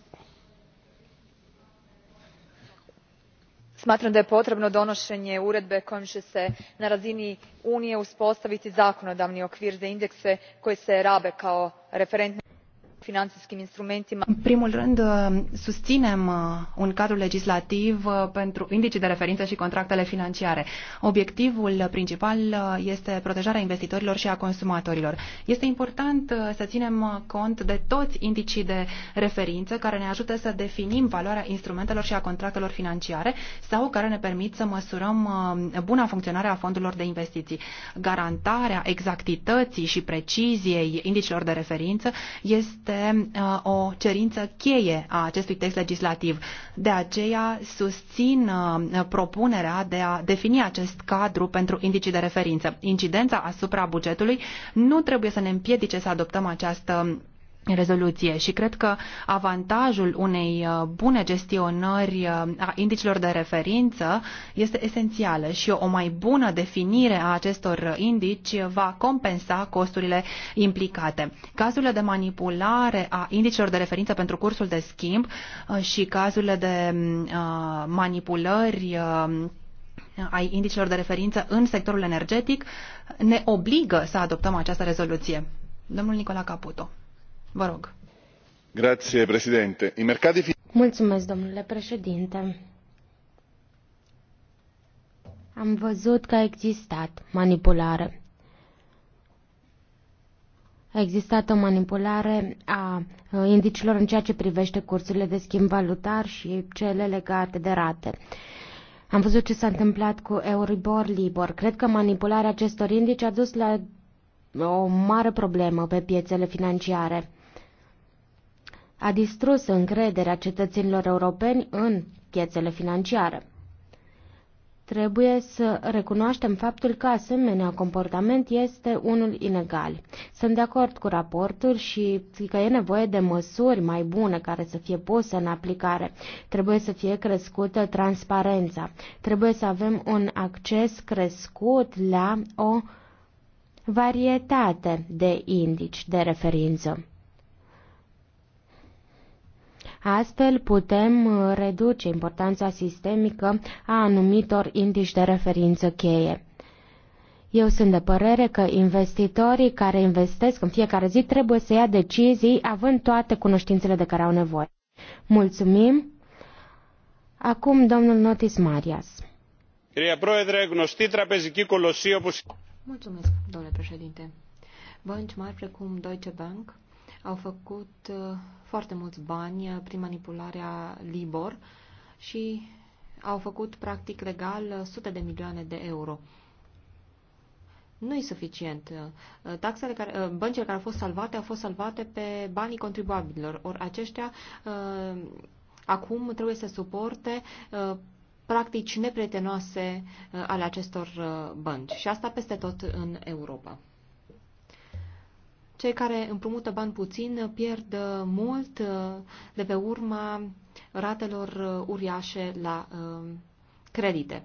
smatram da je potrebno donošenje uredbe kojom će se na razini unije uspostaviti zakonodavni okvir za indekse koji se rabe kao referentne vrijednosti. În primul rând, uh, susținem uh, un cadru legislativ uh, pentru indicii de referință și contractele financiare. Obiectivul principal este protejarea investitorilor și a consumatorilor. Este important să ținem cont de toți indicii de referință care ne ajută să definim valoarea instrumentelor și a contractelor financiare sau care ne permit să măsurăm buna funcționare a fondurilor de investiții. Garantarea exactității și preciziei indicilor de referință este este uh, o cerință cheie a acestui text legislativ. De aceea susțin uh, propunerea de a defini acest cadru pentru indicii de referință. Incidența asupra bugetului nu trebuie să ne împiedice să adoptăm această rezoluție și cred că avantajul unei uh, bune gestionări uh, a indicilor de referință este esențială și o mai bună definire a acestor indici va compensa costurile implicate. Cazurile de manipulare a indicilor de referință pentru cursul de schimb uh, și cazurile de manipulări ai indicilor de referință în sectorul energetic ne obligă să adoptăm această rezoluție. Domnul Nicola Caputo. Vă rog. Grazie, Mercati... Mulțumesc, domnule președinte. Am văzut că a existat manipulare. A existat o manipulare a indicilor în ceea ce privește cursurile de schimb valutar și cele legate de rate. Am văzut ce s-a întâmplat cu Euribor Libor. Cred că manipularea acestor indici a dus la o mare problemă pe piețele financiare a distrus încrederea cetățenilor europeni în piețele financiare. Trebuie să recunoaștem faptul că asemenea comportament este unul inegal. Sunt de acord cu raportul și că e nevoie de măsuri mai bune care să fie puse în aplicare. Trebuie să fie crescută transparența. Trebuie să avem un acces crescut la o varietate de indici de referință. Astfel putem uh, reduce importanța sistemică a anumitor indici de referință cheie. Eu sunt de părere că investitorii care investesc în fiecare zi trebuie să ia decizii având toate cunoștințele de care au nevoie. Mulțumim! Acum domnul Notis Marias. Mulțumesc, domnule președinte. Bănci mari precum Deutsche Bank au făcut uh, foarte mulți bani prin manipularea Libor și au făcut practic legal sute de milioane de euro. Nu e suficient. Taxele care, băncile care au fost salvate au fost salvate pe banii contribuabililor. Ori aceștia ă, acum trebuie să suporte ă, practici neprietenoase ă, ale acestor bănci. Și asta peste tot în Europa. Cei care împrumută bani puțin uh, pierd uh, mult uh, de pe urma ratelor uriașe la credite.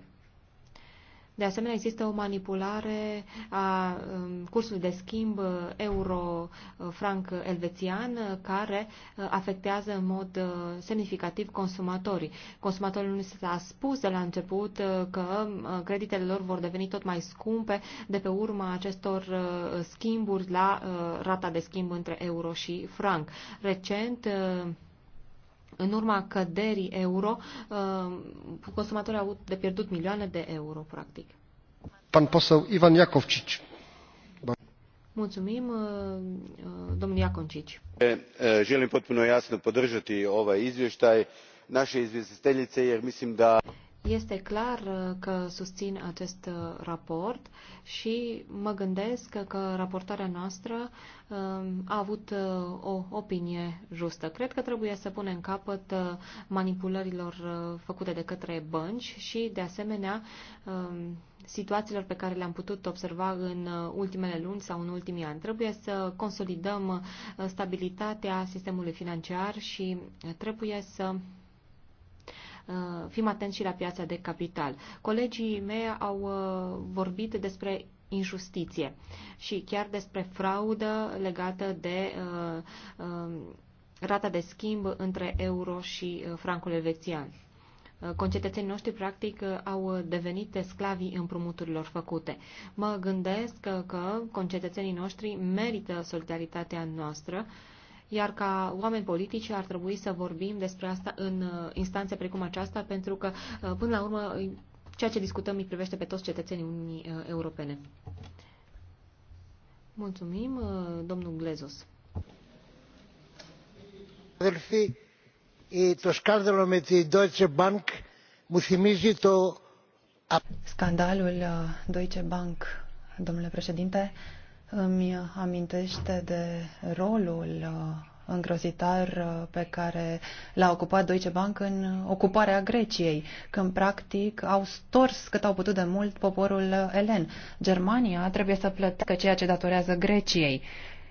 De asemenea, există o manipulare a um, cursului de schimb uh, euro-franc elvețian uh, care uh, afectează în mod semnificativ consumatorii. nu s-a spus de la început că creditele lor vor deveni tot mai scumpe de pe urma acestor schimburi la rata de schimb între euro și franc. Recent, în urma căderii euro, uh, consumatorii au de pierdut milioane de euro, practic. Pan poseu Ivan Jakovčić. Mulțumim, uh, uh, domnul Iaconcici. Želim potpuno jasno podržati ovaj izvještaj naše izvjestiteljice jer mislim da este clar uh, că susțin acest uh, raport și mă gândesc că raportarea noastră um, a avut uh, o opinie justă. Cred că trebuie să punem capăt manipulărilor făcute de către bănci și, de asemenea, um, situațiilor pe care le-am putut observa în ultimele luni sau în ultimii ani. Trebuie să consolidăm stabilitatea sistemului financiar și trebuie să Uh, fim atenți și la piața de capital. Colegii mei au uh, vorbit despre injustiție și chiar despre fraudă legată de uh, um, rata de schimb între euro și francul elvețian concetățenii noștri practic au devenit sclavii împrumuturilor făcute. Mă gândesc că, concetățenii noștri merită solidaritatea noastră iar ca oameni politici ar trebui să vorbim despre asta în uh, instanțe precum aceasta, pentru că, uh, până la urmă, ceea ce discutăm îi privește pe toți cetățenii Uniunii uh, Europene. Mulțumim, domnul Glezos. Αδελφοί, το σκάνδαλο με τη Deutsche Bank μου θυμίζει το... Scandalul Deutsche Bank, domnule președinte, îmi amintește de rolul uh, îngrozitar uh, pe care l-a ocupat Deutsche Bank în ocuparea Greciei, când practic au stors cât au putut de mult poporul uh, elen. Germania trebuie să plătească ceea ce datorează Greciei.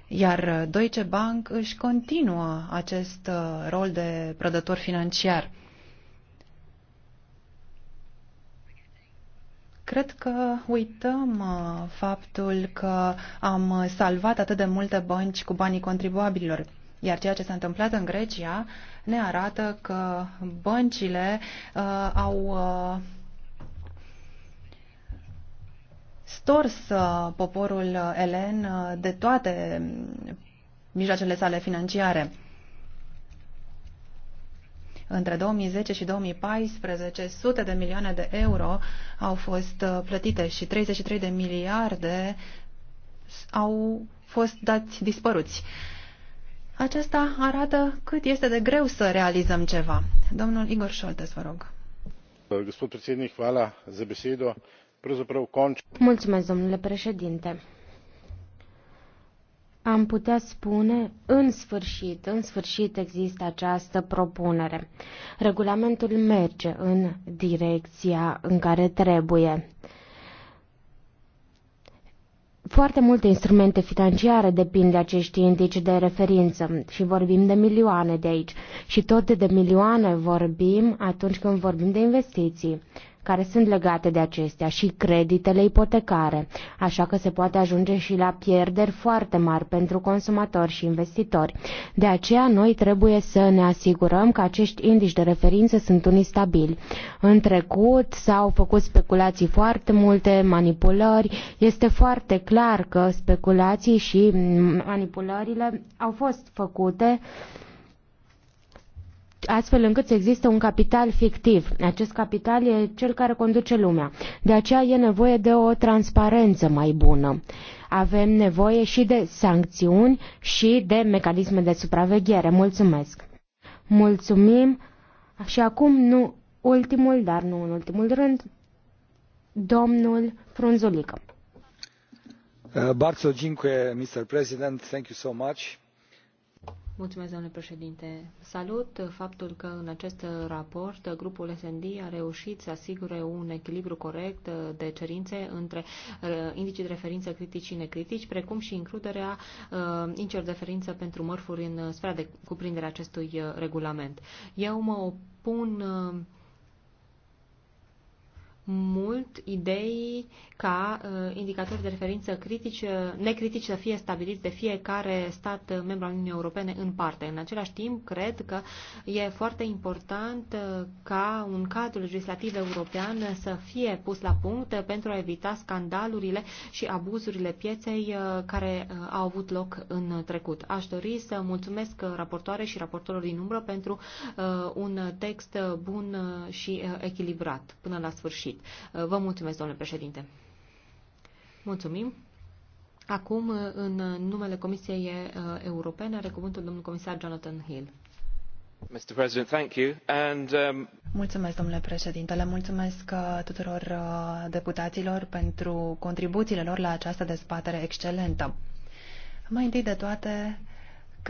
Iar Deutsche Bank își continuă acest rol de prădător financiar. Cred că uităm uh, faptul că am salvat atât de multe bănci cu banii contribuabililor. Iar ceea ce s-a întâmplat în Grecia ne arată că băncile uh, au uh, stors uh, poporul elen uh, de toate mm, mijloacele sale financiare. Între 2010 și 2014, sute de milioane de euro au fost uh, plătite și 33 de miliarde au fost dați dispăruți. Aceasta arată cât este de greu să realizăm ceva. Domnul Igor Șoltes, vă rog. Uh, Mulțumesc, domnule președinte am putea spune, în sfârșit, în sfârșit există această propunere. Regulamentul merge în direcția în care trebuie. Foarte multe instrumente financiare depind de acești indici de referință și vorbim de milioane de aici și tot de milioane vorbim atunci când vorbim de investiții care sunt legate de acestea și creditele ipotecare, așa că se poate ajunge și la pierderi foarte mari pentru consumatori și investitori. De aceea noi trebuie să ne asigurăm că acești indici de referință sunt unii stabili. În trecut s-au făcut speculații foarte multe, manipulări. Este foarte clar că speculații și mm, manipulările au fost făcute uh, astfel încât să existe un capital fictiv. Acest capital e cel care conduce lumea. De aceea e nevoie de o transparență mai bună. Avem nevoie și de sancțiuni și de mecanisme de supraveghere. Mulțumesc! Mulțumim! Și acum, nu ultimul, dar nu în ultimul rând, domnul Frunzulică. Uh, Barzo, Mr. President, thank you so much. Mulțumesc, domnule președinte. Salut faptul că în acest raport grupul SND a reușit să asigure un echilibru corect de cerințe între uh, indicii de referință critici și necritici, precum și includerea uh, indicilor de referință pentru mărfuri în sfera de cuprindere acestui uh, regulament. Eu mă opun mult idei ca uh, indicatori de referință critici, uh, necritici să fie stabiliți de fiecare stat uh, membru al Uniunii Europene în parte. În același timp, cred că e foarte important uh, ca un cadru legislativ european să fie pus la punct uh, pentru a evita scandalurile și abuzurile pieței uh, care uh, au avut loc în trecut. Aș dori să mulțumesc raportoare și raportorilor din umbră pentru uh, un text bun și echilibrat până la sfârșit sfârșit. Uh, vă mulțumesc, domnule președinte. Mulțumim. Acum, uh, în numele Comisiei uh, Europene, are cuvântul domnul comisar Jonathan Hill. Mr. President, thank you. And, um... Mulțumesc, domnule președinte. Le mulțumesc tuturor deputaților pentru contribuțiile lor la această dezbatere excelentă. Mai întâi de toate,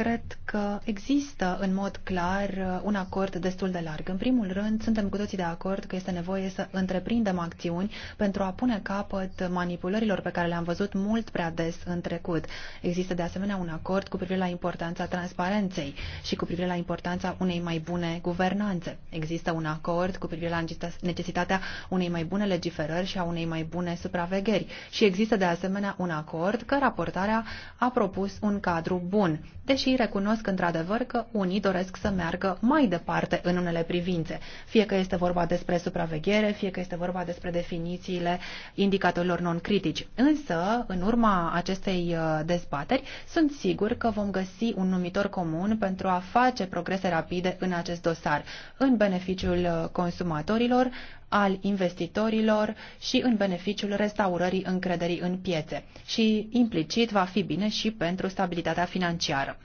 cred că există în mod clar uh, un acord destul de larg. În primul rând, suntem cu toții de acord că este nevoie să întreprindem acțiuni pentru a pune capăt manipulărilor pe care le-am văzut mult prea des în trecut. Există de asemenea un acord cu privire la importanța transparenței și cu privire la importanța unei mai bune guvernanțe. Există un acord cu privire la necesitatea unei mai bune legiferări și a unei mai bune supravegheri. Și există de asemenea un acord că raportarea a propus un cadru bun, deși și recunosc într-adevăr că unii doresc să meargă mai departe în unele privințe, fie că este vorba despre supraveghere, fie că este vorba despre definițiile indicatorilor non-critici. Însă, în urma acestei uh, dezbateri, sunt sigur că vom găsi un numitor comun pentru a face progrese rapide în acest dosar, în beneficiul uh, consumatorilor, al investitorilor și în beneficiul restaurării încrederii în piețe și implicit va fi bine și pentru stabilitatea financiară.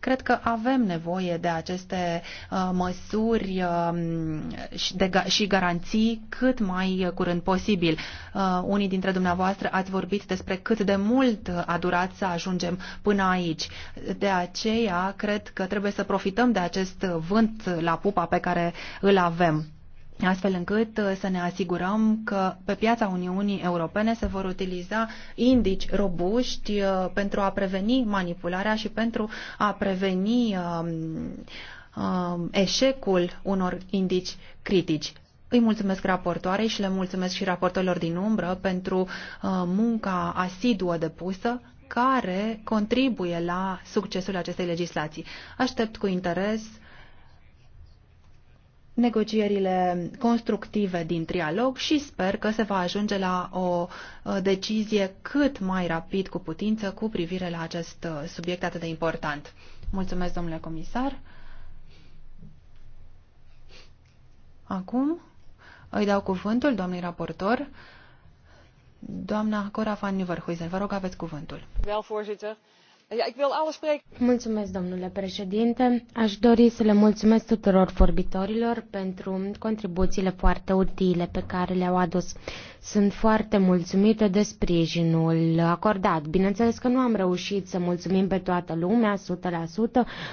Cred că avem nevoie de aceste uh, măsuri um, și garanții cât mai curând posibil. Uh, unii dintre dumneavoastră ați vorbit despre cât de mult a durat să ajungem până aici. De aceea, cred că trebuie să profităm de acest vânt la pupa pe care îl avem astfel încât uh, să ne asigurăm că pe piața Uniunii Europene se vor utiliza indici robuști uh, pentru a preveni manipularea și pentru a preveni um, um, eșecul unor indici critici. Îi mulțumesc raportoarei și le mulțumesc și raportorilor din umbră pentru uh, munca asiduă depusă care contribuie la succesul acestei legislații. Aștept cu interes uh, negocierile constructive din trialog și sper că se va ajunge la o uh, decizie cât mai rapid cu putință cu privire la acest uh, subiect atât de important. Mulțumesc, domnule comisar. Acum îi dau cuvântul doamnei raportor, doamna Cora van Nieuwenhuizen. Vă rog, aveți cuvântul. Wel, Mulțumesc, domnule președinte. Aș dori să le mulțumesc tuturor vorbitorilor pentru contribuțiile foarte utile pe care le-au adus. Sunt foarte mulțumită de sprijinul acordat. Bineînțeles că nu am reușit să mulțumim pe toată lumea 100%,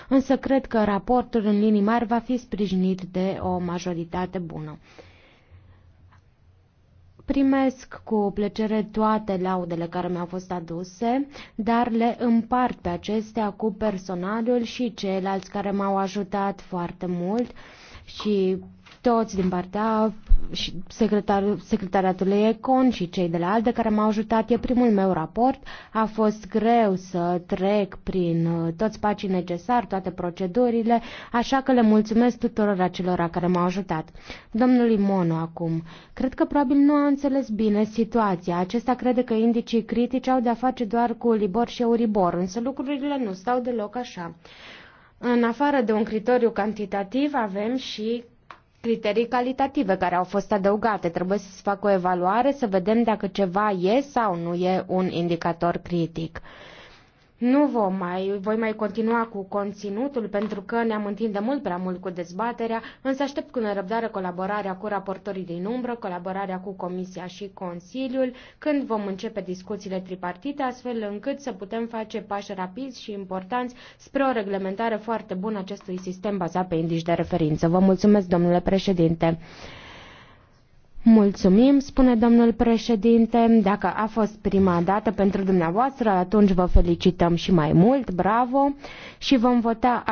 însă cred că raportul în linii mari va fi sprijinit de o majoritate bună. Primesc cu plăcere toate laudele care mi-au fost aduse, dar le împart pe acestea cu personalul și ceilalți care m-au ajutat foarte mult și toți din partea și secretar, secretariatului Econ și cei de la ALDE care m-au ajutat. E primul meu raport. A fost greu să trec prin uh, toți pacii necesari, toate procedurile, așa că le mulțumesc tuturor acelora care m-au ajutat. Domnului Mono acum. Cred că probabil nu a înțeles bine situația. Acesta crede că indicii critici au de-a face doar cu Libor și Euribor, însă lucrurile nu stau deloc așa. În afară de un criteriu cantitativ, avem și criterii calitative care au fost adăugate. Trebuie să se facă o evaluare, să vedem dacă ceva e sau nu e un indicator critic. Nu vom mai, voi mai continua cu conținutul pentru că ne-am întins de mult prea mult cu dezbaterea, însă aștept cu nerăbdare colaborarea cu raportorii din umbră, colaborarea cu Comisia și Consiliul, când vom începe discuțiile tripartite, astfel încât să putem face pași rapizi și importanți spre o reglementare foarte bună acestui sistem bazat pe indici de referință. Vă mulțumesc, domnule președinte. Mulțumim, spune domnul președinte. Dacă a fost prima dată pentru dumneavoastră, atunci vă felicităm și mai mult, bravo, și vom vota